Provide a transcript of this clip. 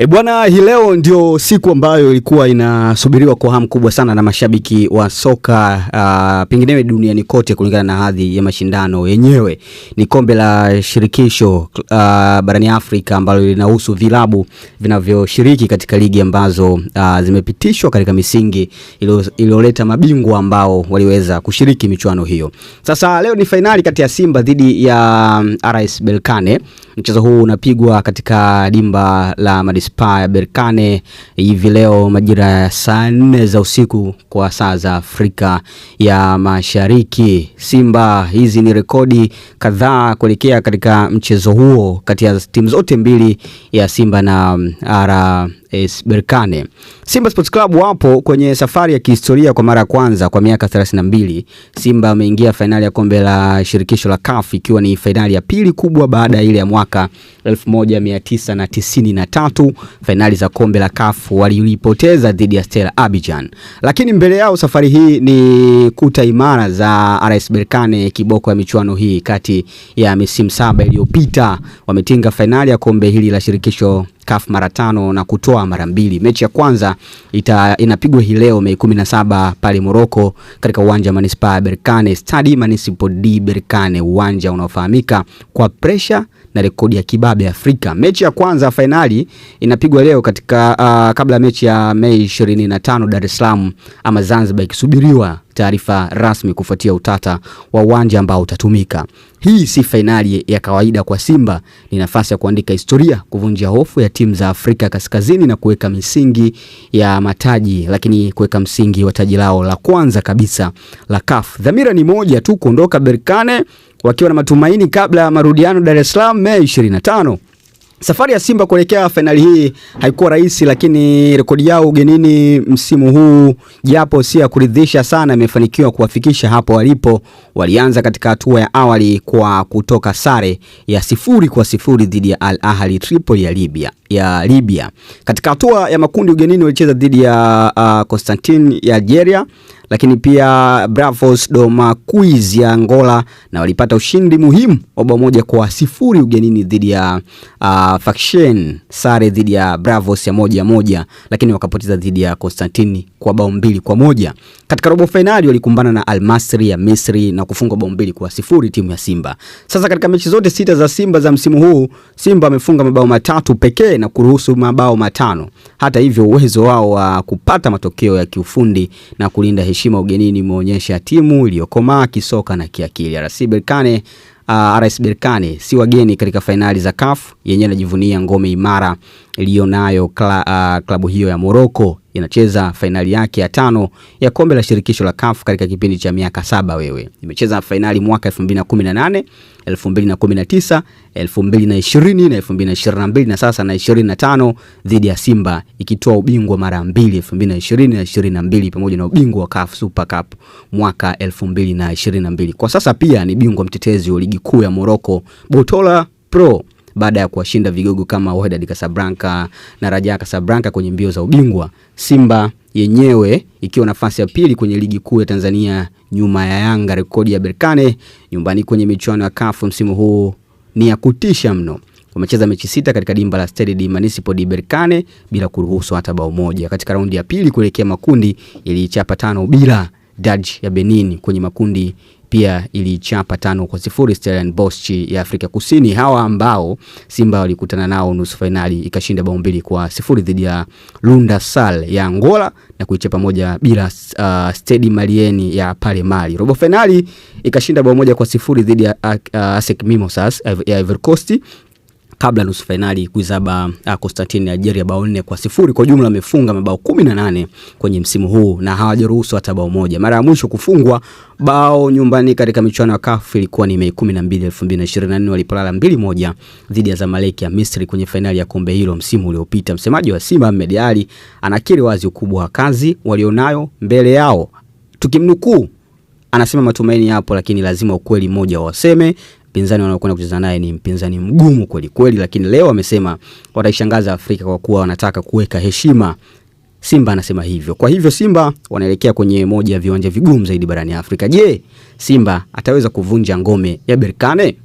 E bwana, hii leo ndio siku ambayo ilikuwa inasubiriwa kwa hamu kubwa sana na mashabiki wa soka uh, ah, penginewe duniani kote, kulingana na hadhi ya mashindano yenyewe. Ni kombe la shirikisho uh, barani Afrika ambalo linahusu vilabu vinavyoshiriki katika ligi ambazo uh, zimepitishwa katika misingi iliyoleta mabingwa ambao waliweza kushiriki michuano hiyo. Sasa leo ni fainali kati ya Simba dhidi ya mm, RS Berkane. Mchezo huu unapigwa katika dimba la Madis manispaa ya Berkane hivi leo majira ya saa nne za usiku kwa saa za Afrika ya Mashariki. Simba, hizi ni rekodi kadhaa kuelekea katika mchezo huo kati ya timu zote mbili ya Simba na mm, RS Berkane. Simba Sports Club wapo kwenye safari ya kihistoria kwa mara ya kwanza kwa miaka 32. Simba ameingia fainali ya kombe la shirikisho la CAF ikiwa ni fainali ya pili kubwa baada ya ile ya mwaka 1993, fainali za kombe la CAF walilipoteza dhidi ya Stella Abidjan. Lakini mbele yao safari hii ni kuta imara za RS Berkane, kiboko ya michuano hii kati ya misimu saba iliyopita wametinga fainali ya kombe hili la shirikisho CAF mara tano na kutoa mara mbili. Mechi ya kwanza ita, inapigwa hii leo Mei 17 pale Morocco katika uwanja manispaa ya Berkane, stadi Municipal de Berkane, uwanja unaofahamika kwa presha na rekodi ya kibabe Afrika. Mechi ya kwanza fainali inapigwa leo katika uh, kabla ya mechi ya Mei 25 Dar es Salaam ama Zanzibar ikisubiriwa taarifa rasmi kufuatia utata wa uwanja ambao utatumika. Hii si fainali ya kawaida kwa Simba, ni nafasi ya kuandika historia, kuvunja hofu ya timu za Afrika Kaskazini na kuweka misingi ya mataji, lakini kuweka msingi wa taji lao la kwanza kabisa la CAF. Dhamira ni moja tu, kuondoka Berkane wakiwa na matumaini kabla ya marudiano Dar es Salaam Mei 25. Safari ya Simba kuelekea fainali hii haikuwa rahisi, lakini rekodi yao ugenini msimu huu japo si ya kuridhisha sana, imefanikiwa kuwafikisha hapo walipo. Walianza katika hatua ya awali kwa kutoka sare ya sifuri kwa sifuri dhidi ya Al Ahli Tripoli ya Libya, ya Libya. Katika hatua ya makundi ugenini walicheza dhidi ya uh, Constantine ya Algeria lakini pia Bravos Domaquis ya Angola na walipata ushindi muhimu wa bao moja kwa sifuri ugenini dhidi ya uh, Faction, sare dhidi ya Bravos ya moja moja, lakini wakapoteza dhidi ya Constantine kwa bao mbili kwa moja. Katika robo fainali walikumbana na Almasri ya Misri na kufungwa bao mbili kwa sifuri timu ya Simba. Sasa katika mechi zote sita za Simba za msimu huu Simba amefunga mabao matatu pekee na kuruhusu mabao matano. Hata hivyo uwezo wao wa kupata matokeo ya kiufundi na kulinda heshima ugenini imeonyesha timu iliyokomaa kisoka na kiakili. RS Berkane, uh, RS Berkane si wageni katika fainali za CAF yenyewe, anajivunia ngome imara iliyonayo kla, uh, klabu hiyo ya Morocco inacheza fainali yake ya tano ya kombe la shirikisho la CAF katika kipindi cha miaka saba. Wewe imecheza fainali mwaka 2018, 2019, 2020 na 2022 na sasa na 25 dhidi ya Simba ikitoa ubingwa mara mbili 2020 na 22 pamoja na ubingwa wa CAF Super Cup mwaka 2022. Kwa sasa pia ni bingwa mtetezi wa ligi kuu ya Morocco Botola Pro baada ya kuwashinda vigogo kama Wydad Casablanca na Raja Casablanca kwenye mbio za ubingwa. Simba yenyewe ikiwa nafasi ya pili kwenye ligi kuu ya Tanzania nyuma ya Yanga. Rekodi ya Berkane nyumbani kwenye michuano ya CAF msimu huu ni ya kutisha mno. Wamecheza mechi sita katika dimba la Stade de Municipal de Berkane bila kuruhusu hata bao moja. Katika raundi ya pili kuelekea makundi, iliichapa tano bila Daj ya Benin kwenye makundi pia ilichapa tano kwa sifuri Stellenbosch ya Afrika Kusini, hawa ambao Simba walikutana nao nusu fainali ikashinda bao mbili kwa sifuri dhidi ya Lunda Sal ya Angola na kuichapa moja bila uh, Stedi Malieni ya pale Mali. Robo fainali ikashinda bao moja kwa sifuri dhidi ya uh, uh ASEC Mimosas uh, ya Ivory Coast kabla nusu fainali kuizaba ah, Constantine uh, Algeria bao nne kwa sifuri. Kwa jumla amefunga mabao kumi na nane kwenye msimu huu na hawajaruhusu hata bao moja. Mara ya mwisho kufungwa bao nyumbani katika michuano ya CAF ilikuwa ni Mei 12, 2024 walipolala 2-1 dhidi ya Zamalek ya Misri kwenye fainali ya kombe hilo msimu uliopita. Msemaji wa Simba Ahmed Ally anakiri wazi ukubwa wa kazi walionayo mbele yao, tukimnukuu anasema matumaini yapo, lakini lazima ukweli mmoja waseme mpinzani wanaokwenda kucheza naye ni mpinzani mgumu kweli kweli, lakini leo wamesema wataishangaza Afrika kwa kuwa wanataka kuweka heshima Simba anasema hivyo. Kwa hivyo Simba wanaelekea kwenye moja ya viwanja vigumu zaidi barani Afrika. Je, Simba ataweza kuvunja ngome ya Berkane?